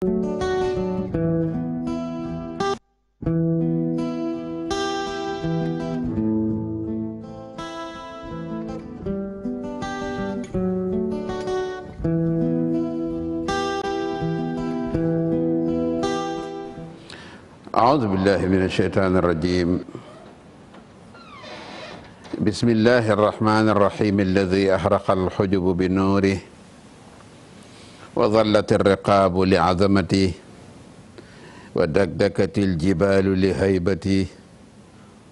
أعوذ بالله من الشيطان الرجيم بسم الله الرحمن الرحيم الذي أحرق الحجب بنوره wa dallat alriqaabu li azamati wa dakdakati aljibalu li haybati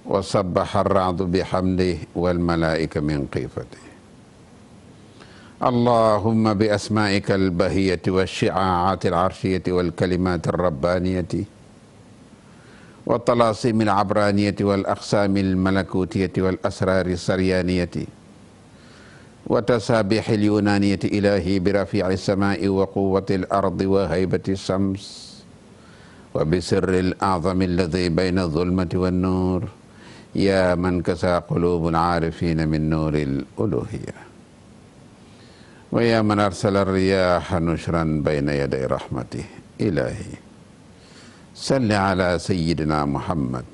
wa sabaxa alraadu bihamdi walmalaika min qiifati allahuma bi asmaika albahiyati walchicaati alarchiyati walkalimati alrabbaniyati wa talaasimi alabraaniyati wal aqsaami almalakutiyati wal asraari saryaaniyati wa tasaabihi lyunaaniyati ilahi bi rafici samaai wa quwati al ardi wa haybati shams wa bi sirri al acdami alladi bayna adulmati wannuur yaa man kasaa quluubu alcaarifina min nuuri al uluhiya wa yaa man arsala riyaaxa nushran bayna yaday rahmati ilahi salli ala sayidina muhammad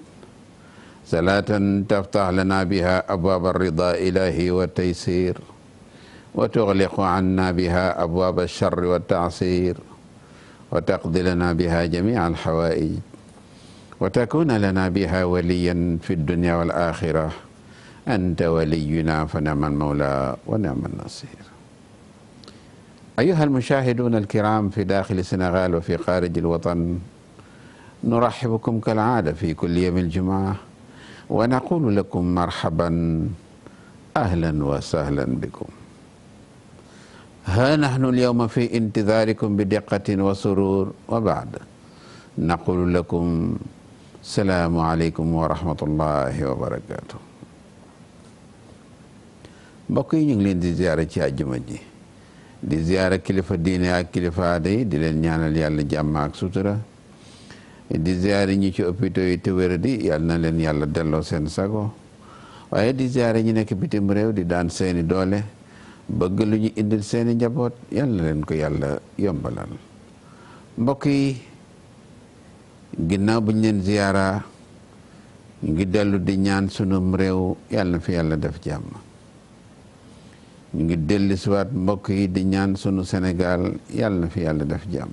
salaatan taftax lana biha abwaab arrida ilahi wa taysir wa tuxliqu anna biha abwaab alcharri waltaasir wa taqdi lana biha jamia alxawaaij wa takuna lana biha waliyan fi dunia wal axira anta waliyuna fa niama almawla wa niama alnasir أيها المشاهدون الكرام في داخل السنغال وفي خارج الوطن نرحب بكم كالعادة في كل يوم الجمعة ونقول لكم مرحبا أهلا وسهلا بكم ها نحن اليوم في انتظاركم بدقة وسرور وبعد نقول لكم السلام عليكم ورحمة الله وبركاته mbokk yi ñu ngi leen di ziyaara ci àjjuma ji di ziyaara kilifa diine ak kilifa aada yi di leen ñaanal yàlla jàmm ak sutura di ziyaara ñi ci hôpitaux yi te wér di na leen yàlla delloo seen sago waaye di ziyaara ñu nekk bitim réew di daan seeni doole bëgg lu ñu indil seeni njaboot yàlla leen ko yàlla yombalal mbokk yi ginnaaw buñ leen ziyaara ngi dellu di ñaan sunum réew yàlla fi yàlla def jàmm ñu ngi dellu siwaat mbokk yi di ñaan sunu Sénégal yàlla fi yàlla def jàmm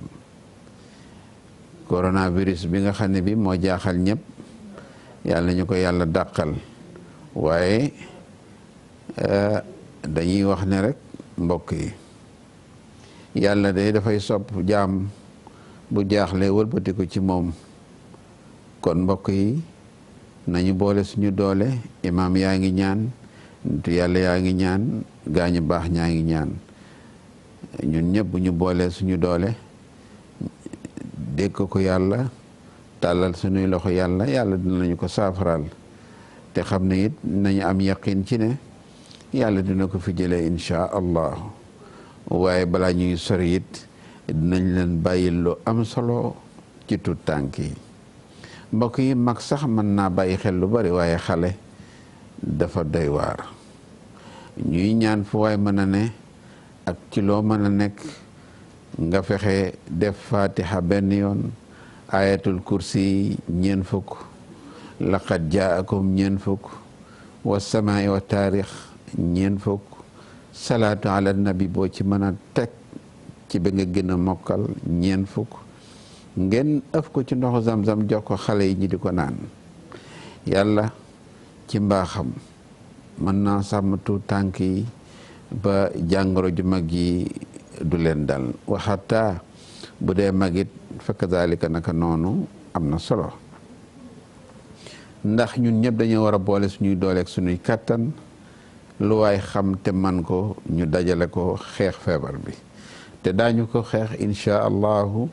coronavirus bi nga xam ne bi moo jaaxal ñëpp yàlla ñu ko yàlla dàqal waaye eh, dañuy wax ne rek mbokk yi yàlla de dafay sopp jaam bu jaaxle wëlbatiku ci moom kon mbokk yi nañu boole suñu doole imaam yaa ngi ñaan yàlla yaa ngi ñaan gaañu baax ñaa ngi ñaan ñun ñëpp ñu boole suñu doole dégg ko yàlla tàllal suñuy loxo yàlla yàlla nañu ko saafaraal te xam ne it nañu am yaqin ci ne yàlla dina ko fi jëlee incha allah waaye bala ñuy sori it dinañ leen bàyyil lu am solo ci tut tànk yi mbokk yi mag sax mën naa bàyyi xel lu bari waaye xale dafa doy waar ñuy ñaan fu waay mën a ne ak ci loo mën a nekk nga fexe def fatiha benn yoon ayatul kursi ñeen fukk laqad jaakum ñeen fukk wa samaai wa taarix ñeent fukk salaatu ala nabi boo ci mën a teg ci ba nga gën a mokkal ñeent fukk ngeen ëf ko ci ndox zam-zam jox ko xale yi ñu di ko naan yàlla ci mbaaxam mën naa sàmm tuut tànk yi ba jàngoro ju mag yi du leen dal waxataa bu dee magit fa kazalika naka noonu am na solo ndax ñun ñëpp dañoo war a boole suñuy dooleeg suñuy kàttan lu waay xam te man ko ñu dajale ko xeex feebar bi te dañu ko xeex inchaa allahu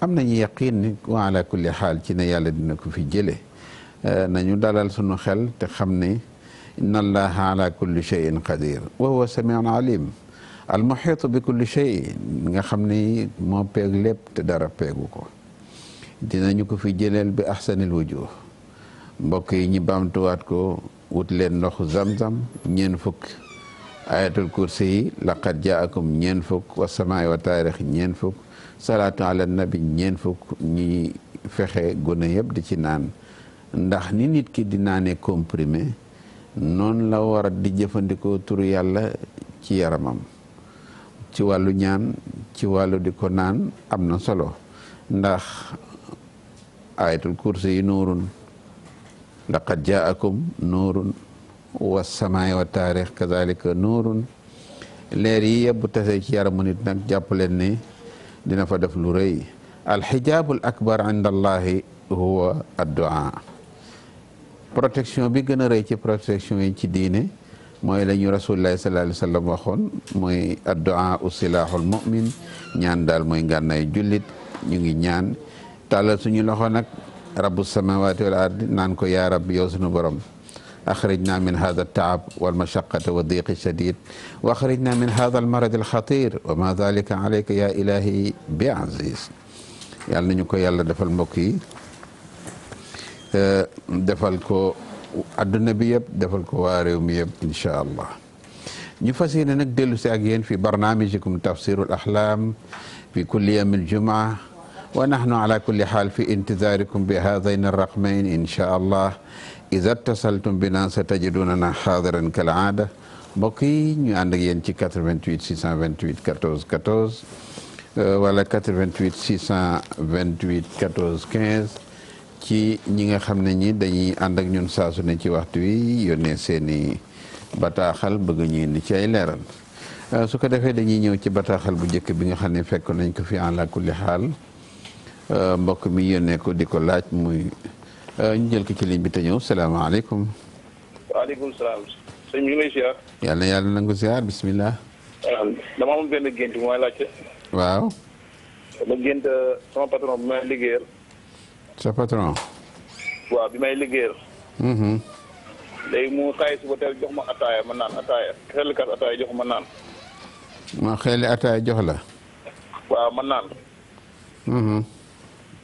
am nañu yaqin ni wa xaal ci yàlla dina ko fi jële eh, nañu dalal sunu xel te xam ne inna allaha ala kulli cheyin qadir wa huwa samiun alim almuhitu bi kulli chey nga xam ni moo peeg lépp te dara peegu ko dinañu ko fi jëleel bi ahsanil wujuh mbokk yi ñi baamtuwaat ko wut leen ndoxu zamzam ñeen fukk ayatul kursi yi laqad jaakum ñeen fukk wasamaay wa taarix ñeen fukk salaatu ala nabi ñeen fukk ñi fexe gone yëpp di ci naan ndax ni nit ki di naanee comprimé noon la war a di jëfandikoo turu yàlla ci yaramam ci wàllu ñaan ci wàllu di ko naan am na solo ndax ayatul kursi yi nuurun ndax qad jaakum nuurun wa samaay wa taarix kazalika nuurun leer yi yëpp tase ci yaramu nit nag jàpp leen ni dina fa def lu rëy alxijaabul akbar inda allahi huwa addua protection bi gën a rëy ci protection yi ci diine mooy la ñu rasulullahi sallallahu alayhi wa sallam mooy addua u silahul mumin ñaan daal mooy ngànnaay julit ñu ngi ñaan tàllal suñu loxo nag rabbu samawati wal ardi naan ko yaa rabbi yow sunu borom axrijna min hada taab wal mashaqata wa diqi shadid wa axrijna min hada al marad al xatir wa ma dalika alayka ya ilahi bi aziz yàlla nañu ko yàlla defal mbokk yi defal ko adduna bi yëpp defal ko waa réew mi yëpp incha allah ñu fas yéene nag dellu si ak yéen fi barnaamijikum tafsirul axlaam fi kulli yawmil jumaa wa nahnu ala kulli xaal fi intizaarikum bi haadayn arraqmayn inchaa allah ida tasaltum bina sa tajidunana xaadiran kal aada mbokk yi ñu ànd ak yéen ci 88 628 14 14 wala 88 628 14 15 ci ñi nga xam ne ñi dañuy ànd ak ñun saasu ne ci waxtu wi yónnee seeni bataaxal bëgg ñu indi ci ay leeral euh, su ko defee dañuy ñëw ci bataaxal bu njëkk bi nga xam ne fekk nañ ko fi en la kulli xaal Euh, mbokk mi yónnee ko di ko laaj muy euh, ñu jël ko ci ligne bi te ñëw salaam. sëñ bi ñu lay ziar. yàlla yàlla na nga ko ziar bisimilah. Euh, dama am benn gént mooy laajte. waaw. ma gént sama patron bi may liggéeyal. sa patron. waaw bi may liggéeyal. Mm-hmm. léegi mu xaay suba teel jox ma ataaya ma naan ataaya xel kat ataaya jox ma naan. ma xel ataaya jox la. waaw ma naan. Mm-hmm.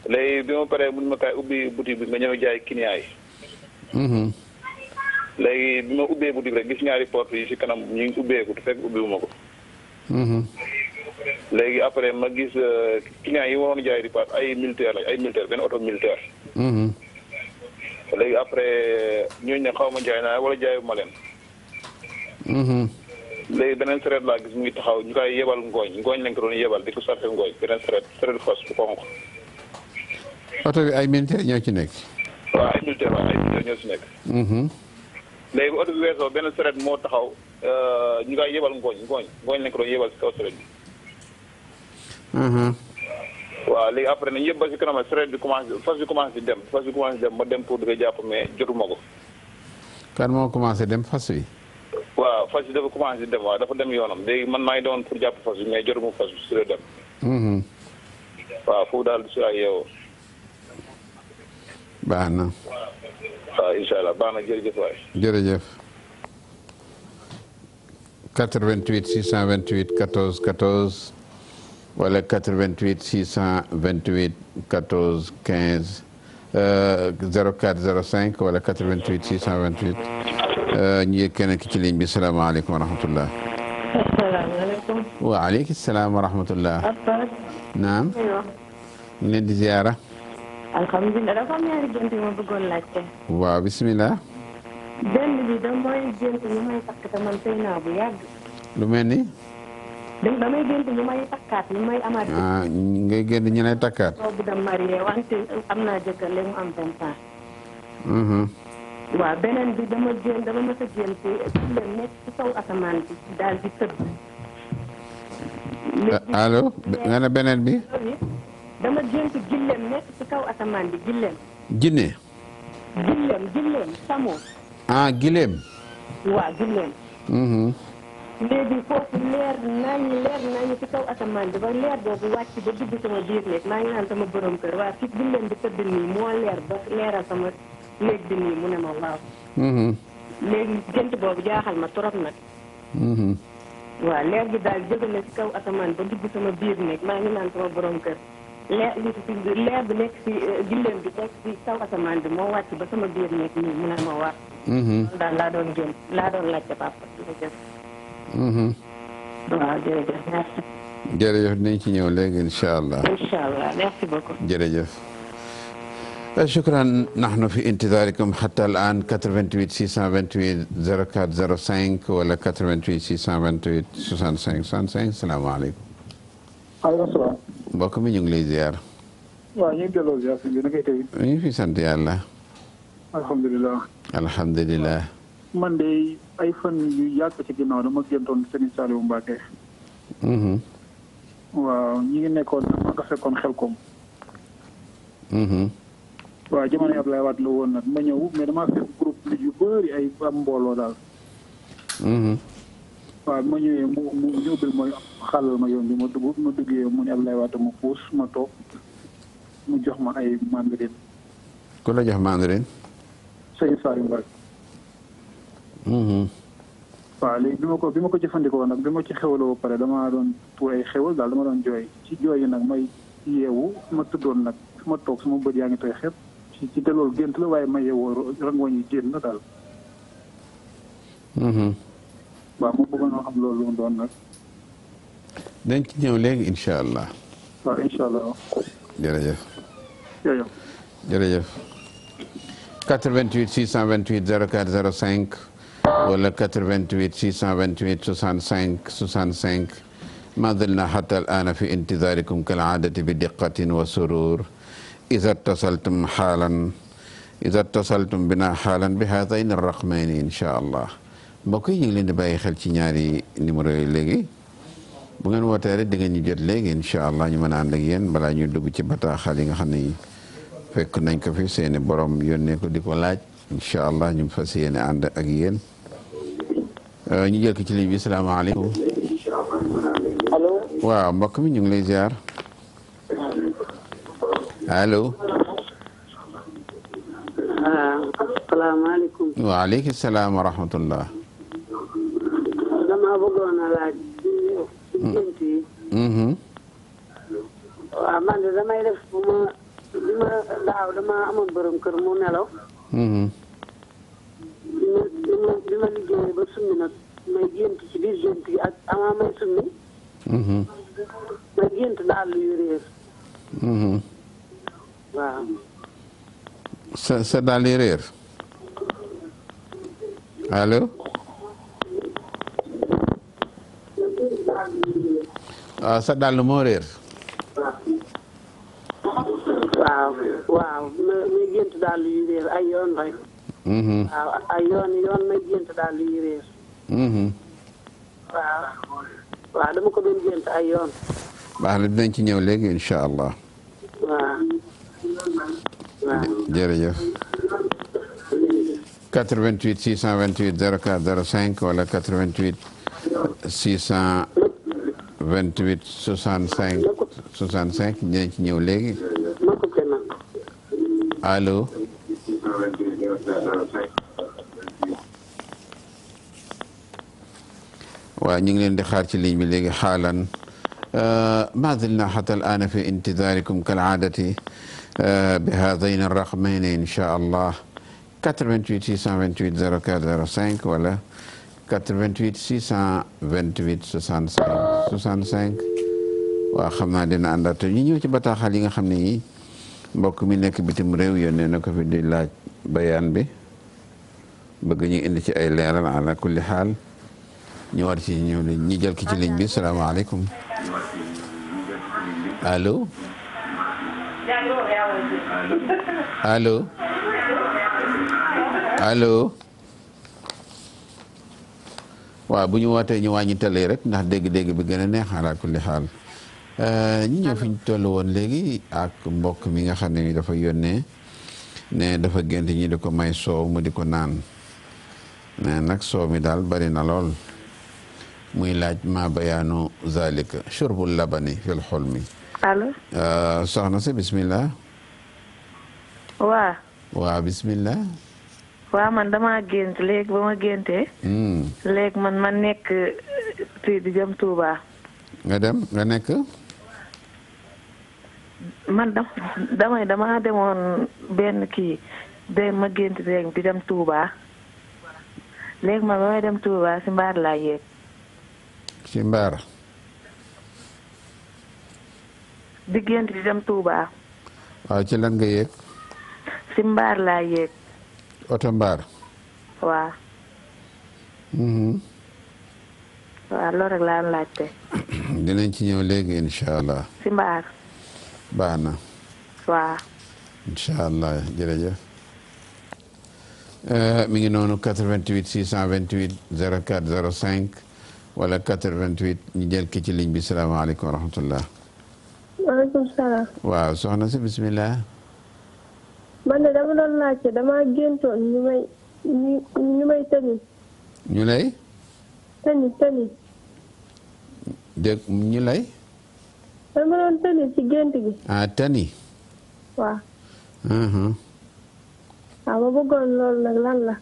léegi bi ma paree mun ma kaay ubbi boutique bi nga ñëw jaay client yi. Mhm. léegi bi ma ubbee boutique rek gis ñaari porte yi si kanam ñu ngi ubbeeku te fekk ubbiwuma ko. Mhm. léegi après ma gis euh, client yi waroon jaay di paas ay militaire la ay militaire benn oto militaire. Mhm. léegi après euh, ñooñu ne xaw ma jaay naa wala jaayuma leen. léegi beneen sareet laa gis mu ngi taxaw ñu koy yebal ngooñ ngooñ lañ ko doon yebal di ko sarfe ngooñ beneen sareet sareet fas bu xonq oto bi ay militaire ñoo ci nekk. waaw ay militaire ñoo ci nekk. Mm-hmm. léegi bu oto bi weesoo benn saret moo taxaw euh, ñu koy yebal ngooñ ngooñ ngooñ lañ ko doon yebal si kaw saret bi. Mm-hmm. waaw léegi yëpp ba si kanam bi commencé fas bi commencé dem fas bi commencé dem ma dem pour di ko jàpp mais jotuma ko. kan moo commencé dem fas bi. waaw fas bi dafa commencé dem waaw dafa dem yoonam léegi man maa ngi demoon pour jàpp fas bi mais jotuma fas bi si la dem. Mm-hmm. waaw foofu daal di si waay yeewoo. baax na. waaw ah, incha allah baax na jërëjëf waay. jërëjëf. 88 628 14 14 wala 88 628 14 15 04 05 wala 88 628 euh, ñu yëg keneen ki ci ligne bi salaamaaleykum wa rahmatullah. asalaamaaleykum. waaleykum salaam wa rahmatullah. naam. ñu leen di ziara. alhamdulilah dafa am ñaari gént yu ma bëggoon laajte. waaw bisimilah. benn bi da mooy gént ñu may takk te man sëy naa bu yàgg. lu mel ni. damay gént ñu may takkaat ñu may amaat. ah ngay gént ñu lay takkaat. boobu mm-hmm. beneen bi dama gént dama mës a gént leen bi daal di tëdd. Ah, allo nga ne beneen bi. dama gént gilleem nekk ci kaw asamaan bi gilleem. jinne. gilleem gilleem samo. ah gilleem. waaw gilleem. Mm-hmm. léegi foofu leer naa leer naa ci kaw asamaan bi ba leer boobu wàcc ba dugg sama biir néeg maa ngi naan sama borom kër waa fi gilleem bi tëdd nii moo leer ba leeral sama néeg bi nii mu ne ma waaw. Mm-hmm. léegi gént boobu jaaxal ma trop nag. Mm-hmm. waaw leer gi daal jóge ci kaw asamaan ba dugg sama biir néeg maa ngi naan sama borom kër. leer leer bi nekk si euh, gilleem bi teg si kaw asamaan bi moo wàcc ba sama biir nekk nii mu ne ma war. Mm-hmm. loolu daal laa doon jëm laa doon laajte papa jërëjëf. Mm-hmm. waaw jërëjëf merci. jërëjëf dinañ ci ñëw léegi incha allah. incha allah merci beaucoup. jërëjëf. Eh, shukran nahnu fi intizaarikum hatta al aan 88 628 04 05 wala 88 628 65 65 salaamaaleykum. maaleykum salaam. mbokk mi ñu ngi lay ziar. waaw ñu ngi delloo ziar si biir naka tey. ñu fi sant yàlla. alhamdulilah. man de ay fan yu yàgg ci ginnaaw dama géntoon Serigne Saliou Mbacke. Mm-hmm. waaw ñi ngi nekkoon ma nga fekkoon xel koom. Mm-hmm. waaw jamono Ablaye Wade la woon nag ma ñëw mais damaa fekk groupe yu bëri ay am mbooloo daal. Mm-hmm. waaw ma ñëwee mu mu ñëwbil ma xàllal ma yoon bi ma dugg ma duggee mu ne Abdoulaye Wade ma puus ma toog mu jox ma ay mandarin. ku la jox mandarin. sëñ Saliou Mbacké. Mm-hmm. waaw léegi bi ma ko bi ma ko jëfandikoo nag bi ma ci xewloo ba pare damaa doon pour ay xewal daal dama doon jooy ci jooy yi nag may yeewu ma tëddoon nag su ma toog sama bët yaa ngi tooy xepp ci ci gént la waaye ma yeewoo rangooñ yi génn na daal. Mm-hmm. waaw moom bëggoon na xam loolu lu mu doon nag. dañ ci ñëw léegi incha allah. waaw incha allah. jërëjëf. jërëjëf. jërëjëf. 88 628 04 05 wala 88 628 65 65 ما زلنا حتى الآن في انتظاركم كالعادة بدقة وسرور إذا اتصلتم حالا إذا اتصلتم بنا حالا بهذين الرقمين إن شاء الله mbokk yi ñu ngi leen di bàyyi xel ci ñaari numéro yi léegi bu ngeen wootee rek di ngeen ñu jot léegi incha allah ñu mën a ànd ak yéen balaa ñuy dugg ci bataaxal yi nga xam ne fekk nañ ko fi seeni borom yónnee ko di ko laaj incha allah ñu fas yéene ànd ak yéen euh, ñu jël ci ligne bi salaamaaleykum. allo. waaw mbokk mi ñu ngi lay ziar. allo. Ah, waaleykum salaam wa dama bëggoon a laaj. ci gént yi. Mm-hmm. waaw man de damay def bu ma daaw dama amoon borom kër mu nelaw. li ma li ba summi nag may gént ci biir gént yi ak avant may summi. Mm-hmm. may gént daal yu réer. Mm-hmm. waaw. sa sa daal yi réer allo. Ah, waaw sa dàll moo waaw ma ma gént dàll yu rek. Mm-hmm. waaw ay yoon ma gént dàll yu mm-hmm. waaw dama ko doon gént ay baax na dinañ ci ñëw léegi incha allah. waaw. waaw jërëjëf. 88 628 04 05 wala 88 600. 28 65 65 dinañ ci ñëw léegi allo waaw ñu ngi leen di xaar ci ligne bi léegi xaalan ما زلنا حتى الآن في انتظاركم كالعادة بهذين الرقمين إن شاء الله 88 628 0405 ولا 88 628 65 65 waaw xam ñu ñëw ci bataaxal yi nga xam ne yi mbokk mi nekk bitim réew yónnee na ko fi di laaj bayaan bi bëgg ñu indi ci ay leeral ala kulli xaal ñu war ci ñëw li ñi jël ki ci ligne bi salaamaaleykum allo allo waaw bu ñu wootee ñu wàññi télé rek ndax dég dég bi gën a neex ala kulli xaal euh, ñi ñëw fi ñu toll woon léegi ak mbokk mi nga xam ne dafa yónnee ne dafa gént ñi di ko may soow mu di ko naan ne nag soow mi daal bari na lool mu laaj ma bayaanu zalika shurbul labani fil xulmi allo euh, soxna si bismillah waa waa bismillah waaw man damaa gént léegi ba ma géntee. Hmm. léegi man ma nekk euh, fii di jëm Touba. nga dem nga nekk. man dam damay damaa demoon benn kii day ma gént léegi di dem Touba léegi man ba may dem Touba si mbaar laa yéeg. si mbaar. di gént di dem Touba. waaw ci lan nga yéeg. si mbaar laa yéeg. oto mbaar. Mm-hmm. waaw. loolu rek laa laajte. dinañ ci ñëw léegi incha allah. si mbaar. baax incha allah jërëjëf. Eh, mi ngi noonu 88 628 04 05 wala 88 ñu jël ki ci ligne bi salaamaaleykum wa rahmatullah. waaleykum soxna si bisimilah. man de dama doon laajte damaa géntoon ñu may ñu ñu may tëni. ñu lay. tëni tëni. ñu lay. dama doon tëni ci gént gi. ah tëni. waaw. waaw uh-huh. ah, ma bëggoon loolu nag la.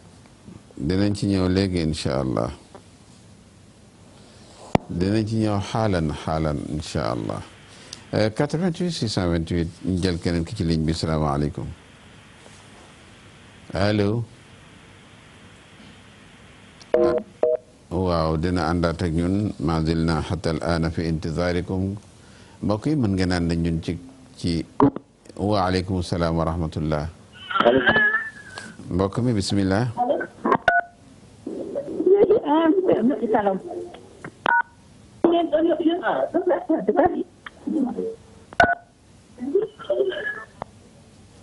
dinañ ci ñëw léegi incha allah. dinañ ci ñëw xaalan xaalan incha allah. 88 628 ñu jël keneen ki ci ligne bi salaamaaleykum. allo waaw dina àndaat ak ñun mazil na xata fi intizaarikum mbokk yi mën ngeen ànd ñun ci ci wa rahmatullah mbokk mi bismillah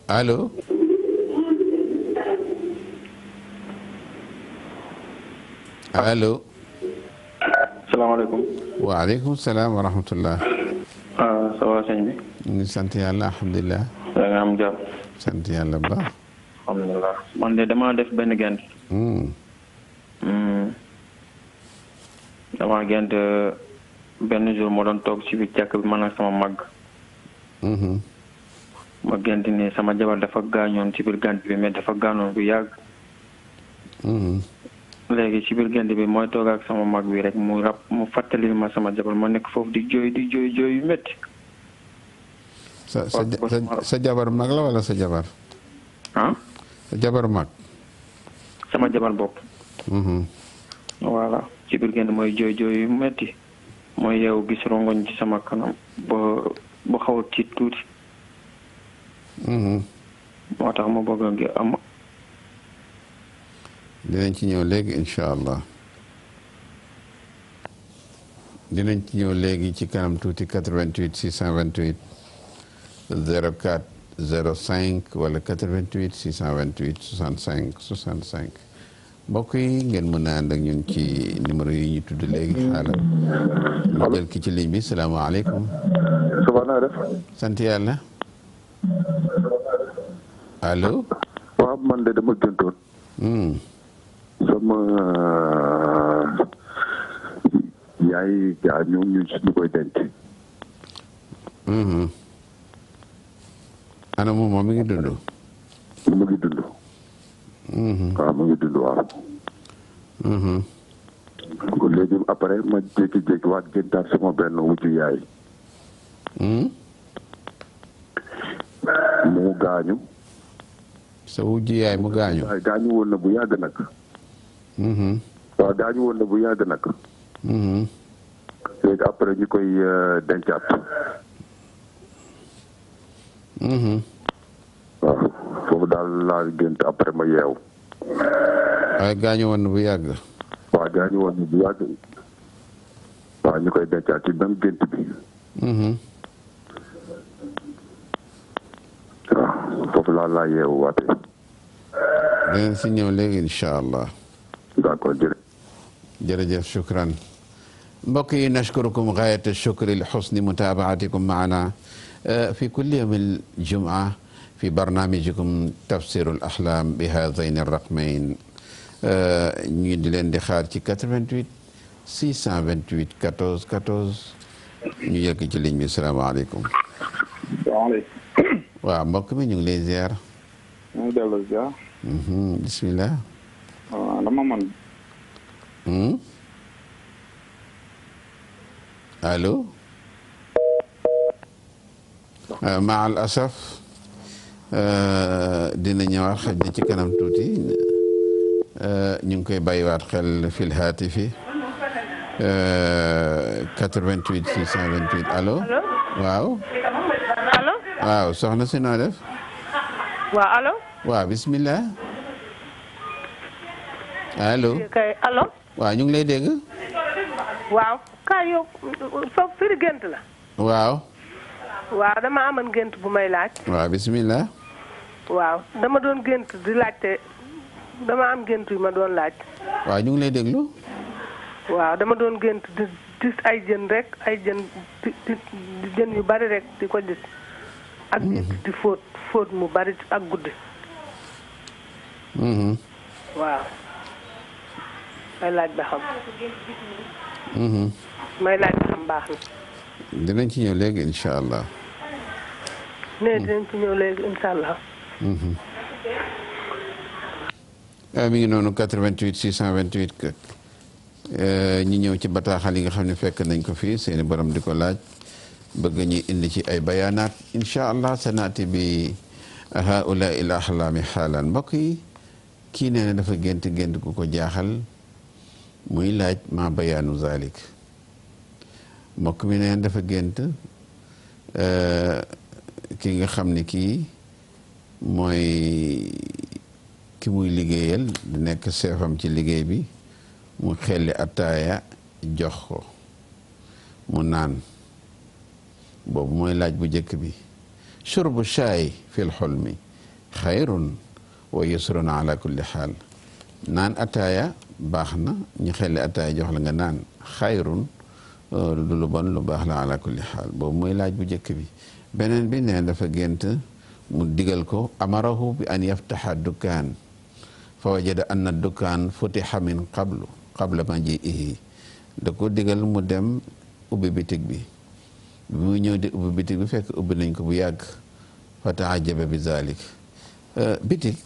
allo allo. salaamaaleykum. waaleykum salaam wa rahmatullah. Ah, ça va sëñ bi. ñu ngi sant yàlla alhamdulilah. da nga am jàmm. alhamdulilah man de damaa def benn gent. Hmm. Hmm. damaa gent euh, benn jour moo doon toog ci biir jàkk bi man ak sama mag. Hmm. ma gent ni sama jabar dafa gaañoon ci biir gànt bi mais dafa gaañoon bu yàgg. léegi ci biir gént bi mooy toog ak sama mag bi rek mu rab mu fàttalil ma sama jabar ma nekk foofu di jooy di jooy jooy yu métti. sa sa jabar mag la wala sa jabar. ah. sa jabar mag. sama jabar bopp. Mm-hmm. voilà ci biir gént mooy jooy jooy yu métti mooy yow gis rongoñ ci sama kanam ba xaw a tiit tuuti. Mm-hmm. moo tax ma bëgg am dinañ ci ñëw léegi incha allah dinañ ci ñëw léegi ci kanam tuuti 88 628 04 05 wala 88 628 65 65 mbokk yi ngeen mën a ànd ci numéro yi ñu tudd léegi xaala ñu jël ki ci ligne bi salaamaaleykum. subhaana def. sant yàlla. allo. man de dama gëntoon. Hmm. sama yaay gaa ñoom ñun suñu koy denc. Mm-hmm. ana moom moom mi ngi dund. mu ngi dund. Mm-hmm. waaw mu ngi dund waaw. Mm-hmm. kon léegi après ma jékki-jékki waat géntaat sama benn wujju yaay. mu gaañu. sa wujju yaay mu gaañu. gaañu woon na bu yàgg nag. Mm-hmm. waaw daañu woon na bu yàgg nag. Mm-hmm. léegi après koy euh, dencaat. Mm-hmm. waaw foofu daal laa gént après ma yeew. waaye koy dencaat ci même bi. waaw foofu laa laa yeewu waate. dinañ si ñëw léegi incha allah. d'accord jërëjëf. jërëjëf shukran mbokk yi nashkurukum gaayata shukri li xusni mutaabaatikum maana uh, fi kulli yawmi al-jum'a fi barnaamijikum tafsirul axlaam bi haadayni raqmayn uh, ñu di leen di xaar ci 88 628 14 14 ñu jël ko ci ligne bi salaamaaleykum. waaw mbokk mi ñu ngi lay ziar. ñu ngi delloo ziar. Mhm, bisimilah. waaw ah, dama mën. Hmm? allo. Euh, maa al asaf euh, dina ñëwaat xaj na ci kanam tuuti euh, ñu ngi koy bàyyiwaat xel fil haatifi 88 628 allo. waaw. allo. waaw soxna si noo def. waaw allo. waaw bismillah. allo waaw ñu ngi lay dégg. waaw kay yow foofu firi gént la. waaw. waaw dama amoon gént bu may laaj. waaw bisimilah. waaw dama doon gént di laajte dama am gént yu ma doon laaj. waaw ñu ngi lay déglu. waaw dama doon gént di gis ay jën rek ay jën di di jën yu bari rek di ko gis. ak mhm. di fóot fóot mu bari ak guddi. Mhm. waaw. Mhm. may laaj ba xam. baax na. dinañ ci ñëw léegi incha allah. nee dinañ ci ñëw léegi incha allah. Mhm. Eh, mi ngi noonu 88 628 eh, ñi ñëw ci bataaxal yi nga xam ne fekk nañ ko fii seeni borom di ko laaj bëgg ñuy indi ci ay bayaanaat incha allah sanaati bi haula ila axlaami xaalaan mbokk yi kii nee na dafa gént gént ku ko jaaxal muy laaj ma bayaanu zalik mbokk mi neen dafa gént eh, ki nga xam ni kii mooy ki muy liggéeyal di nekk seefam ci liggéey bi mu xelli attaaya jox ko mu naan boobu mooy laaj bu njëkk bi shurbu shaay fil xulmi xayrun wa yusrun ala kulli xaal naan attaaya baax na ñu xelli ataay jox la nga naan xayrun euh, lu lu bon lu baax la ala kulli xaal boobu mooy laaj bu njëkk bi beneen bi nee dafa gént mu digal ko amarahu bi an yaftaxa dukkaan fa wajada anna dukkaan futixa min qablu qabla ma jiihi da ko digal mu dem ubbi bitig bi mu muy ñëw di ubbi bitig bi fekk ubbi nañ ko bu yàgg fa taajaba bi zalik euh, bitig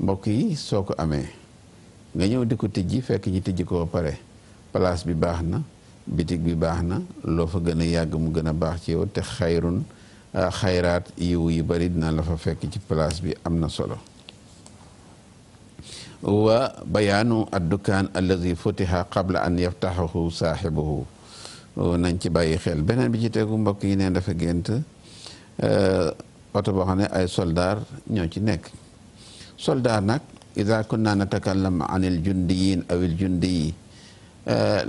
mbokk yi soo ko amee nga ñëw di ko tijji fekk ñi tijji ko ba pare place bi baax na bitik bi baax na loo fa gën a yàgg mu gën a baax ci yow te xayrun ah, xayraat yiw yi bari dina la fa fekk ci palaas bi am na solo wa bayaanu addukaan allazi futiha qabla an yaftaxahu saaxibuhu nañ ci bàyyi xel beneen bi ci tegu mbokk yi neen dafa gént eh, oto boo xam ne ay soldaar ñoo ci nekk soldaar nag ida kunna natakallamu an il jundiyin aw il jundiyi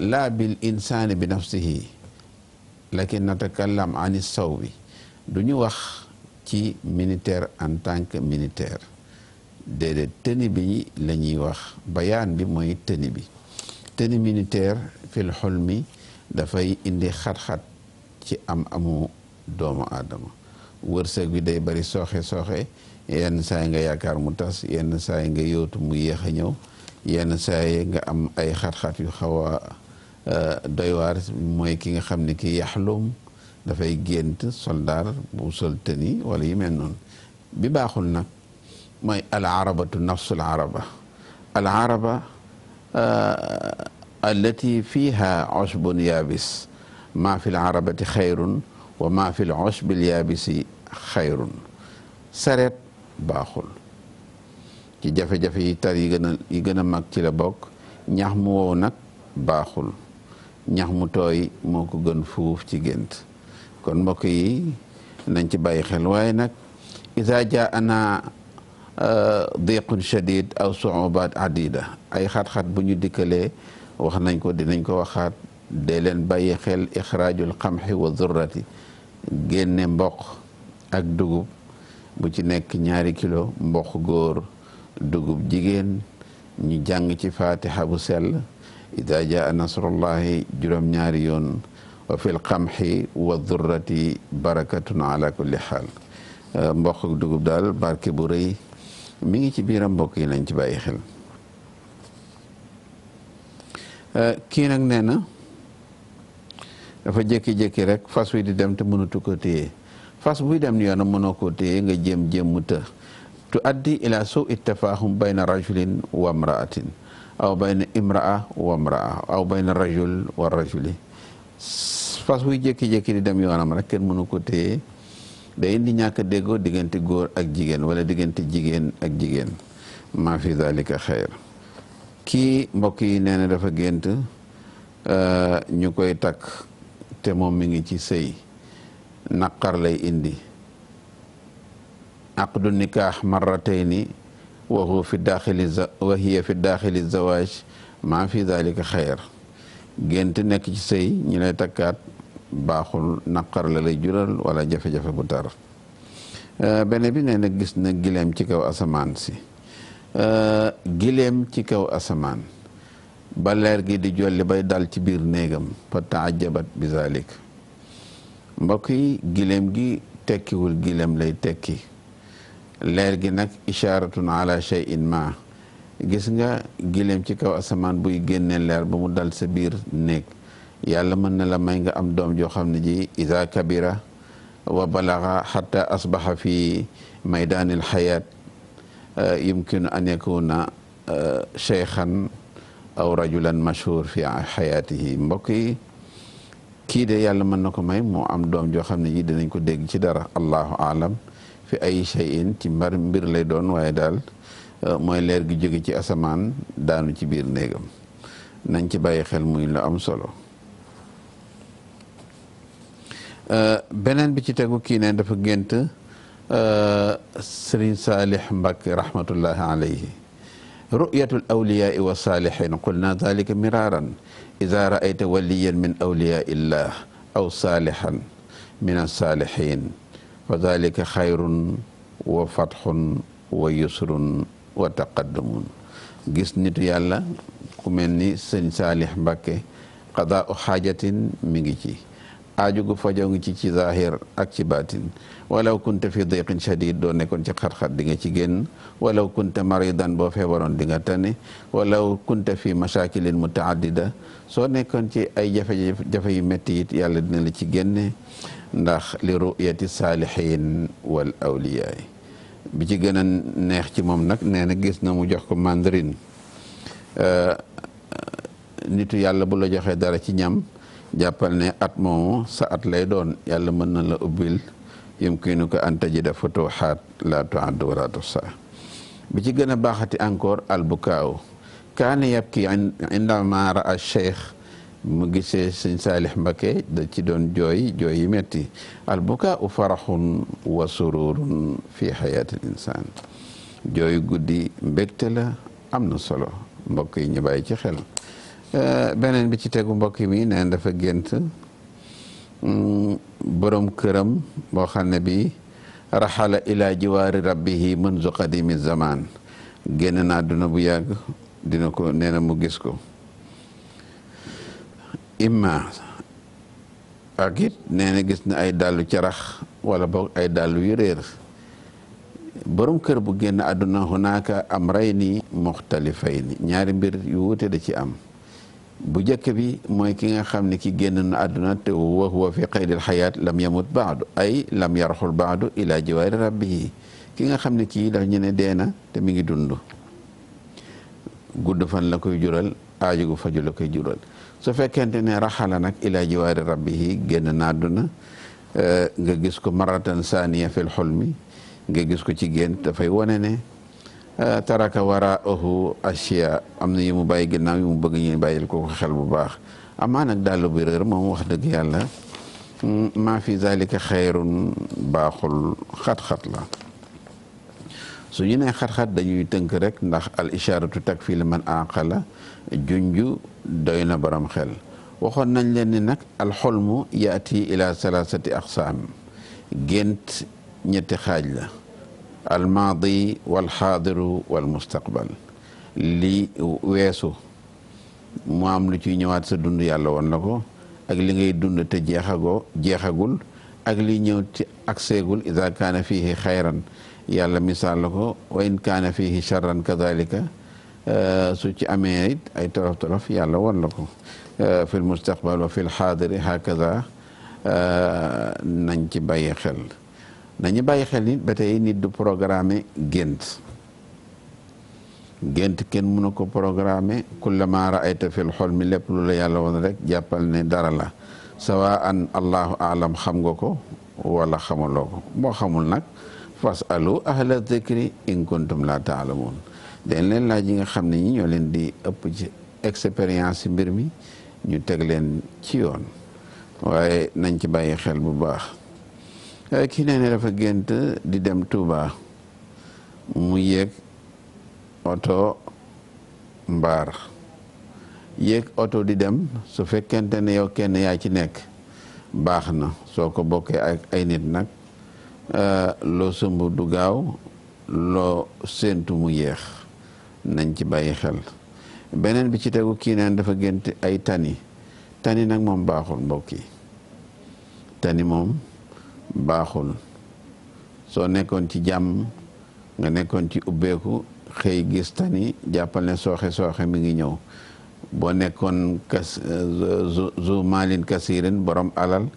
laa bil insaani bi nafsihi lakin natakallam an il sawbi du ñu wax ci militaire en tant que militaire déedéet tëni bi wax bayaan bi mooy tëni bi tëni fi fil xulmi dafay indi xat-xat ci am amu doomu aadama wërsëg bi day bari sooxe sooxe yenn saa yi nga yaakaar mu tas yenn saa yi nga yóotu mu yéex a ñëw yenn saa yi nga am ay xat-xat yu xaw a euh, doy waar mooy ki nga xam ne ki yaxlum dafay gént soldaar bu sol tëni wala yi mel noonu bi baaxul nag mooy al arabatu nafsul araba al araba euh, allati fiha usbun yaabis maa fi l arabati xayrun wa maa fi l usbil yaabisi xayrun saret baaxul ci jafe-jafe yi tar yi gën a yi mag ci la bokk ñax mu wow nag baaxul ñax mu tooy moo ko gën fuuf ci gént kon mbokk yi nañ ci bàyyi xel waaye nag isa ja ana euh, diqun shadid aw suubat adida ay xat-xat bu ñu dikkalee wax nañ ko dinañ ko waxaat dee leen bàyyi xel ixraajul xamxi wa zurrati génne mboq ak dugub bu ci nekk ñaari kilo mboq góor dugub jigéen ñu jàng ci fatiha bu sel ida jaa nasrullahi juróom ñaari yoon wa fil qamhi wa durrati barakatun ala kulli xaal euh, mboq dugub daal barke bu rëy mi ngi ci biiram mbokk yi nañ ci bàyyi xel euh, kii nag nee na dafa jékki-jékki rek fas wi di dem te mënatu ko téye fas buy dem ni yoonam mënoo koo téye nga jéem jéem mu të tu addi ila soo ittafahum bayna rajulin wa imraatin aw bayna imraa wa imraa aw bayna rajul wa rajuli fas buy jékki-jékki di dem yoonam rek kenn mënu ko téye day indi ñàkk déggoo diggante góor ak jigéen wala diggante jigéen ak jigéen maa fi dalika xeyr kii mbokk yi nee na dafa gént euh, ñu koy takk te moom mi ngi ci sey naqar lay indi aqdu nikaax marratayni wa huwa fi daaxili zawaaj maa fi dalika xayr gént nekk ci sëy ñu lay takkaat baaxul naqar la lay jural walla jafe-jafe bu tar euh, beneen bi nee gis na gileem ci kaw asamaan si euh, gileem ci kaw asamaan ba leer gi di jolli bay dal ci biir néegam fa taajabat bi zalik mbokk yi gileem gi tekkiwul gileem lay tekki leer gi nag isharatun ala shay'in ma gis nga gileem ci kaw asamaan buy génne leer ba mu dal sa biir néeg yàlla mën na la may nga am doom joo xam ne ji isa kabira wa balaga xata asbaxa fi maydaanil xayaat yumkinu an yakuna cheikhan aw rajulan mashhur fi xayaatihi mbokk yi kii de yàlla mën na ko may moo am doom joo xam ne ji dinañ ko dégg ci dara allahu alam fi ay shay'in ci mbar mbir lay doon waaye daal euh, mooy leer gi jóge ci asamaan daanu ci biir néegam nañ ci bàyyi xel muy lu am solo euh, beneen bi ci tegu kii ne dafa gént euh, Sëriñ Saalih Mbàkke rahmatullahi alayhi ru'yatul awliyaa wa saalihin qulna zalika miraran ida raayta waliyan min awliyaa illah aw saalixan min alsaalihin fa dalika xayrun wa fatxun wa yusrun wa taqaddumun gis nitu yàlla ku mel ni sëñ saalix mbàkke qadaa u xaajatin mi ngi ci aaju gu fajoo ngi ci ci zahir ak ci baatin wala kunta fi diqin shadid doo nekkoon ci xat-xat di nga ci génn walaw kunta maridan boo feebaroon di nga tane walaw kunta fi mashakilin mutaaddida soo nekkoon ci ay jafe-jafe yu métti it yàlla dina la ci génne ndax li ruyati saalihin wal awliyaay bi ci gën a neex ci moom nag nee na gis na mu jox ko mandarin nitu yàlla bu la joxee dara ci ñam jàppal ne at moomu sa at lay doon yàlla mën na la ubbil yumkinu ko an tajida futuhaat la tusa bi ci gën a baaxati encore albukaaw kaane yabki indama raa cheikh mu gisee sëñ saalix mbakke da ci doon jooy jooy yi metti albukaau faraxun wa sururun fi xayaati l insaan jooy guddi mbégte la am na solo mbokk yi ñu bàyyi ci xel Eh, beneen bi ci tegu mbokk mi neen dafa gént mm, borom këram boo xam ne bi raxala ila jiwaari rabbihi munzu qadimi zaman génn na àdduna bu yàgg dina ko nee na mu gis ko imma ak it gis na ay dàllu carax wala boog ay dàllu yu réer borom kër bu génn àdduna hunaaka amrayni muxtalifayni ñaari mbir yu wuute da ci am bu njëkk bi mooy ki nga xam ne ki génn na àdduna te wa huwa fi qaydil xayaat lam yamut baadu ay lam yarxul baadu ila jiwaari rabbihi ki nga xam ne kii daf ñu ne dee te mi ngi dund gudd fan la koy jural aaju gu faju la koy jural su fekkente ne raxala nag ila jiwaari rabbihi génn na àdduna eh, nga gis ko maratan saaniya fil xulmi nga gis ko ci gént dafay wane ne Euh, taraka waraahu asiya am na yu mu bàyyi ginnaaw yu mu bëgg ñu bàyyil ko xel bu baax amaa nag dàllu bi réer moom wax dëgg yàlla mm, maa fi zalika xayrun baaxul xat-xat la su ñu nee xat-xat dañuy tënk rek ndax al isharatu takfi liman aqala junju doy na borom xel waxoon nañ leen ni nag al xolmu yaati ila salasati aqsaam gént ñetti xaaj la almaadi walxaadiru walmustaqbal li weesu mu am lu ciy ñëwaat sa dund yàlla woon la ko ak li ngay dund te jeexagoo jeexagul ak li ñëw ak akseegul ida kaana fiihi xayran yàlla misaal la ko wa in kaana fiihi charran kadalika euh, su ci amee it ay tolof tolof yàlla woon la ko euh, fi lmustaqbal wa fi lxaadiri hakada euh, nañ ci bàyyi xel nañu bàyyi xel nit ba tey nit du programmer gént gént kenn mënu ko programmer kullama raayta fil xolmi lépp lu la yàlla woon rek jàppal ne dara la sawa an allahu alam xam nga ko wala xamaloo ko boo xamul nag fas alu ahla dikri in kuntum la taalamuun dañ leen laaj yi nga xam ne ñi ñoo leen di ëpp ci expérience mbir mi ñu teg leen ci yoon waaye nañ ci bàyyi xel bu baax Eh, kii nee ne dafa gént di dem Touba mu yéeg oto mbaar yéeg oto di dem su fekkente ne yow kenn yaa ci nekk baax na soo ko bokkee ak ay nit nag eh, loo sëmb du gaaw loo séentu mu yéex nañ ci bàyyi xel beneen bi ci tegu kii neen dafa gént ay tani tani nag moom baaxul mbokk tani moom baaxul soo nekkoon ci jàmm nga nekkoon ci ubbeeku xëy gis tani jàppal ne sooxe sooxe mi ngi ñëw boo nekkoon kas euh, zu maalin kasirin borom alal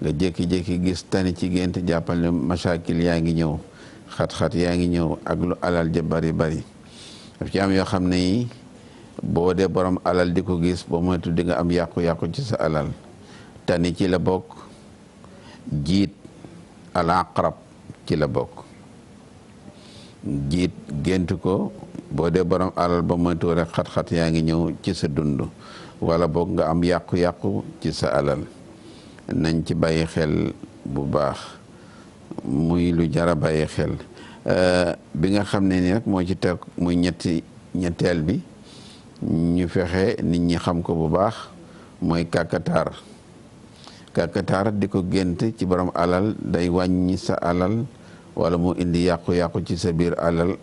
nga jékki-jékki gis tani ci gént jàppal ne yaa ngi ñëw xat-xat yaa ngi ñëw ak lu alal ja bari bari daf ci am yoo xam ne yi boo dee borom alal di ko gis boo moytu di nga am yàqu-yàqu ci sa alal tani ci la bokk jiit al aqrab ci la bokk jiit gént ko boo dee borom alal ba moytu rek xat-xat yaa ngi ñëw ci sa dund wala boog nga am yàqu-yàqu ci sa alal nañ ci bàyyi xel bu baax muy lu jara bàyyi xel euh, bi nga xam ne ni rek moo ci teg muy ñetti ñetteel bi ñu fexe nit ñi xam ko bu baax mooy kàkkatar kaka di ko gént ci borom alal day wàññi sa alal wala mu indi yàqu-yàqu ci sa biir alal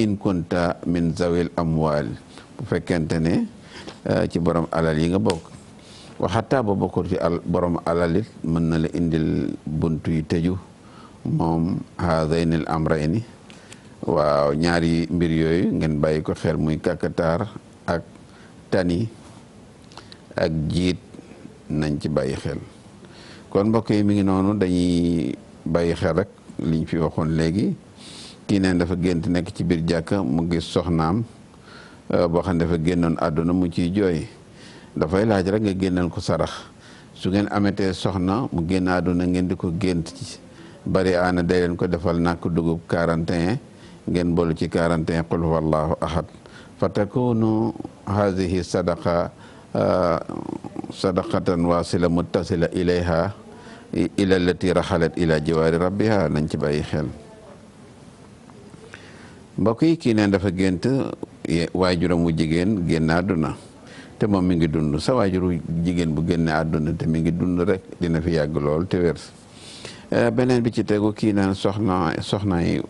in kunta min zawil amwal bu fekkente ne eh, ci borom alal yi nga bokk wa ba bokkul ci al mën na la indil bunt yu teju moom haadayn al amrayni waaw ñaari mbir yooyu ngeen bàyyi ko xel muy kàkataar ak tani ak jiit nañ ci bàyyi xel kon mbokk yi mi ngi noonu dañuy bàyyi xel rek liñ fi waxoon léegi ki neen dafa gént nekk ci biir jàkka mu gis soxnaam euh, boo xam ne dafa génnoon àdduna mu ci jooy dafay laaj rek nga génneel ko sarax su ngeen amatee soxna mu génn àdduna ngeen di ko gént ci bari aana day leen ko defal nàkk dugub 41 ngeen boolu ci 41 qul huwallahu ahad fa takunu hadihi sadaqa euh, sadaqatan wasila muttasila ilayha ila allati raxalat ila jiwaari rabbiha nañ ci bàyyi xel mbokk yi kii neen dafa gént waajuram wu jigéen génn te moom mi ngi dund sa waajuru jigéen bu génne àdduna te mi ngi dund rek dina fi yàgg lool te wér eh, beneen bi ci tegu kii naan soxna soxnaay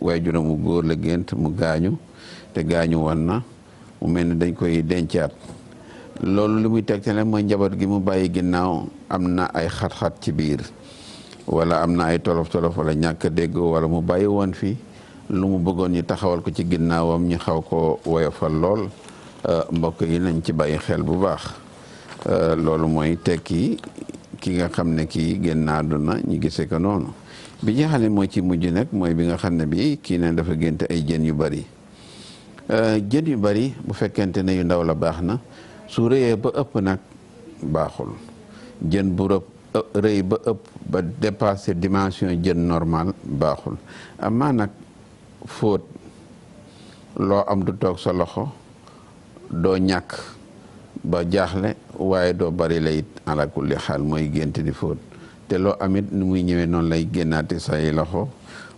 waajuram wu góor la gént mu gaañu te gaañu woon na mu mel ni dañ koy dencaat loolu li muy tegtale mooy njaboot gi mu bàyyi ginnaaw am na ay xat-xat ci biir wala am na ay tolof-tolof wala ñàkk déggoo wala mu bàyyi woon fii lu mu bëggoon ñu taxawal ko ci ginnaawam ñu xaw ko woyofal lool euh, mbokk yi nañ ci bàyyi xel bu baax euh, loolu mooy tekki ki nga xam ne kii génn na ñu gisee ko noonu bi nga xam ne moo ci mujj nag mooy bi nga xam ne bii kii ne dafa génte ay jën yu bari euh, jën yu bari bu fekkente ne yu ndaw la baax na su rëyee ba ëpp nag baaxul jën bu rëb rëy ba ëpp ba dépassé dimension jën normal baaxul amaa nag fóot loo am du toog sa loxo doo ñàkk ba jaaxle waaye doo bari la it ala kulli xaal mooy gént di fóot te loo amit nu muy ñëwee noonu lay génnaate say loxo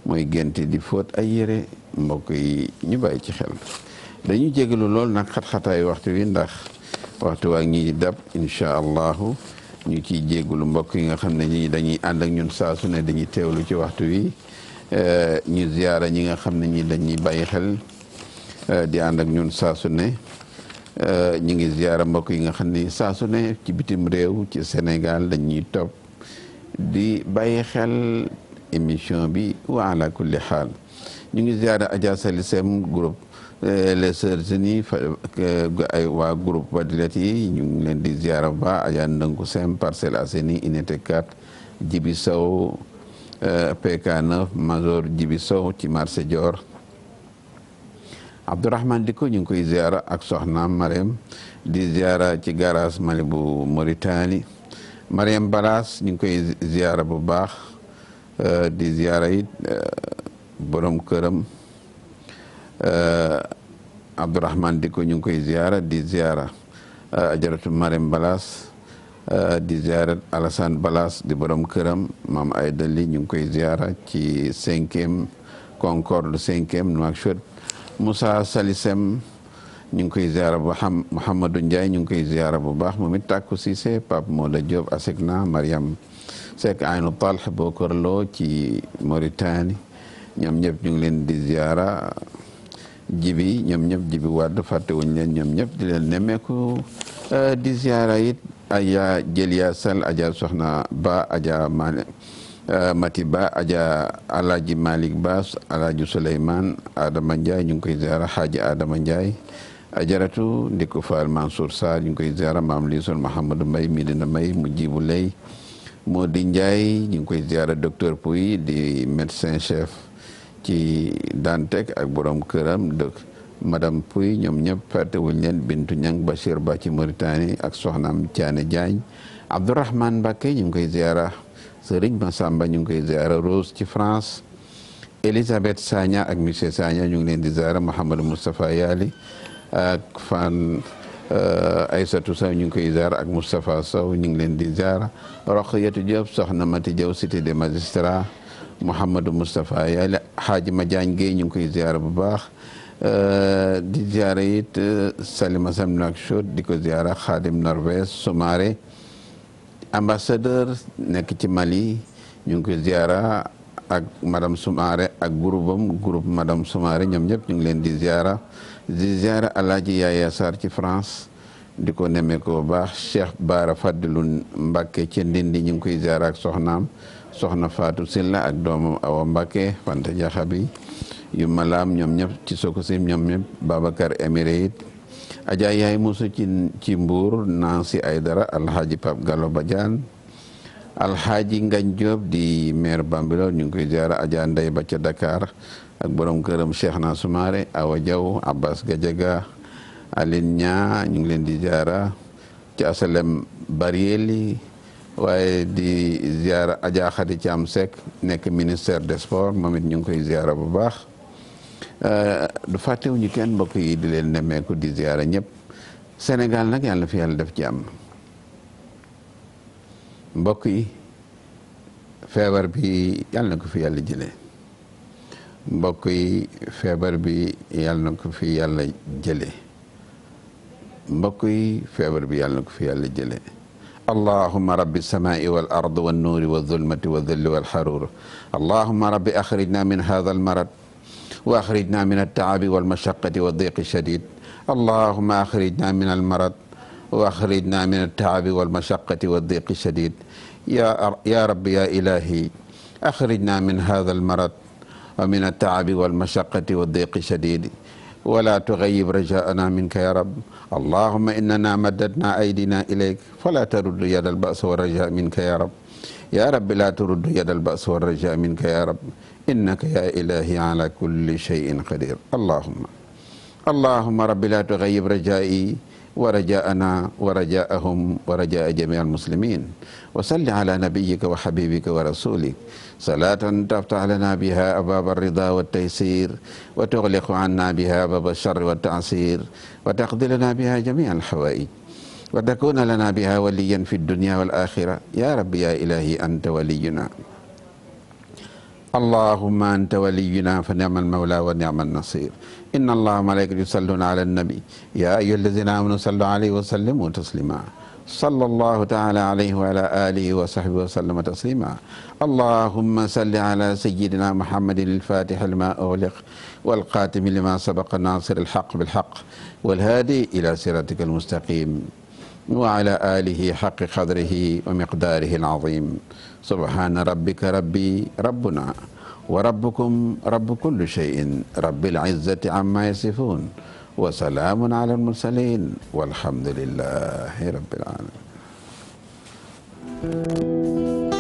mooy gént di fóot ay yére mbokk yi ñu bàyyi ci xel dañu jégalu lool nag xat-xataayu waxtu wi ndax waxtu waa ngi dab incha allahu ñu ciy jéggulu mbokk yi nga xam ne ñi dañuy ànd ak ñun saa ne dañuy teewlu ci waxtu wi eh, ñu ziyaara ñi nga xam ne ñi dañuy bàyyi xel eh, di ànd ak ñun saa su eh, ñu ngi ziyaara mbokk yi nga xam ne saa ne ci bitim réew ci Sénégal dañuy topp di bàyyi xel émission bi wa ala kulli xaal ñu ngi ziyaara Adja Sali Sem groupe les sœurs unis ay waa groupe Fadilat ñu ngi leen di ziara ba Adja Ndënku Sem Parcelles Assainies unité 4 Jibi Sow euh, PK9 Major Jibi Sow ci marché Dior Abdourahmane ko ñu ngi koy ziara ak soxnaam Mariam di ziara ci garage Mali bu Mauritanie Mariam Balas ñu ngi koy ziara bu baax euh, di ziara it euh, borom këram Euh, Abdourahmane Dicko ñu ngi koy ziara di ziara euh, ajaratu Marème Balas euh, di ziara Alassane balaas di borom këram maam Aïda Ly ñu ngi koy ziara ci cinquième Concorde cinquième Nouakchott Moussa Salisem ñu ngi koy ziara bu xam Mouhamadou ñu ngi koy ziara bu baax moom it Tàkku Cissé Pape Mola Diop Asegna Mariam Seck Aynu Talh Bokarloo ci Mauritanie ñoom ñëpp ñu ngi leen di ziara jibi ñoom ñom jibi wàdd fàttewuñ leen ñoom ñëpp di leen nemmeeku euh, di ziara it aja jëliya sall aja soxna ba aja euh, mati ba aja alaji malik ba alaji souleyman adama ndiaye ñu ngi koy ziara xaaji adama ndiaye ajaratu ndiku faal mansour sarr ñu ngi koy ziara maam lisul mahamadou mbay mi dina may mu jibu lay moo di ndiaye ñu ngi koy ziara docteur Pouy di médecin chef ci Dantec ak borom këram dëkk madame Pouy ñoom ñëpp fàttewuñ leen Bintu Ñang Bachir Ba ci Mauritanie ak soxna soxnaam Thiané Diagne Abdourahmane Mbacké ñu ngi koy ziara Serigne Massamba ñu ngi koy ziara Rose ci France Elisabeth saña ak monsieur Sagna ñu ngi leen di ziara Mouhamadou Moustapha Yaali ak fan euh, Aysatu Saw ñu ngi koy ziara ak Moustapha Saw ñu ngi leen di ziara Rokhyatou Diop soxna Mati Diaw cité des magistrats Mouhamadou Moustapha yàlla xaaji ma jaañ Guèye ñu ngi koy ziyaara bu baax euh, di ziyaara it euh, Salima Sam Nouakchott di ko ziyaara Khadim Norvège Soumaré ambassadeur nekk ci Mali ñu ngi koy ziyaara ak madame Soumaré ak groupe am groupe madame Soumaré ñoom ñëpp ñu ngi leen di ziyaara di ziyaara Alaaji Yaaya Sarr ci France di ko nemee ko bu baax Cheikh Bara Fadilou Mbacké ci ñu ngi koy ziyaara ak soxnaam soxna Fatou Silla ak doomam Awa Mbakke Fanta Jaxabi yu malaam ñoom ñëpp ci Sococim ñoom ñëpp Babacar Éméré it Adja Yaay Moussa ci ci Mbour Nancy Aydara Alhaji Pape Gallo Badiane Alhaji Ngagne di maire Bambilor ñu ngi koy ziara Adja Ndey ba ca Dakar ak borom këram Cheikh na Soumaré Awa Diaw Abbas Gadiaga Aline Nia ñu ngi leen di ziara ci asalem Barieli waaye di ziara Adja Khady Thiam Seck nekk ministère de sport moom it ñu ngi koy ziara bu baax euh, du fàttewuñu kenn mbokk yi di leen nemmeeku di ziara ñëpp Sénégal nag yàlla fi yàlla def jàmm mbokk yi feebar bi yàlla na ko fi yàlla jële mbokk yi feebar bi yàlla na ko fi yàlla jëlee mbokk yi feebar bi yàlla na ko fi yàlla jëlee allahuma rabbi alsamai wal ard wannuuri walzulmati walzilli walxaruur allahuma rabbi axrijna min hada almarad wa axrijna min altaabi walmashaqati waldiqi shadid allahuma axrijna min almarad wa axrijna min altaabi walmashaqati waldiqi shadid ya ya rabbi ya ilahi axrijna min hada almarad wa min altaabi walmashaqati waldiqi shadid wala tuxayib rajaana minka ya rab allahuma innana maddadna aydina ilayk fala taruddu yada albas waraja minka ya rab ya rabbi la turuddu yada albas waraja minka ya rab innaka ya ilahi ala kulli cheyin qadir allahuma allahuma rabbi la tuxayib rajai ورجاءنا ورجاءهم ورجاء جميع المسلمين وصل على نبيك وحبيبك ورسولك صلاة تفتح لنا بها أبواب الرضا والتيسير وتغلق عنا بها باب الشر والتعسير وتقضي لنا بها جميع الحوائج وتكون لنا بها وليا في الدنيا والآخرة يا رب يا إلهي أنت ولينا اللهم أنت ولينا فنعم المولى ونعم النصير inna allaha malaikatu yusalluna ala nabi ya ayuha alladina amanu sallu alayhi wa sallimu taslima sallallahu taala alayhi wa ala alihi wa sahbihi wa sallama taslima allahumma salli ala sayidina muhammadin alfatihi lima ughliq والقاتم لما سبق ناصر الحق بالحق والهادي إلى صراطك المستقيم وعلى آله حق قدره ومقداره العظيم سبحان ربك ربي ربنا wa rabbukum rabbu kulli shay'in rabbil izzati amma yasifun wa salaamun ala al-mursalin walhamdulillahi rabbil alamin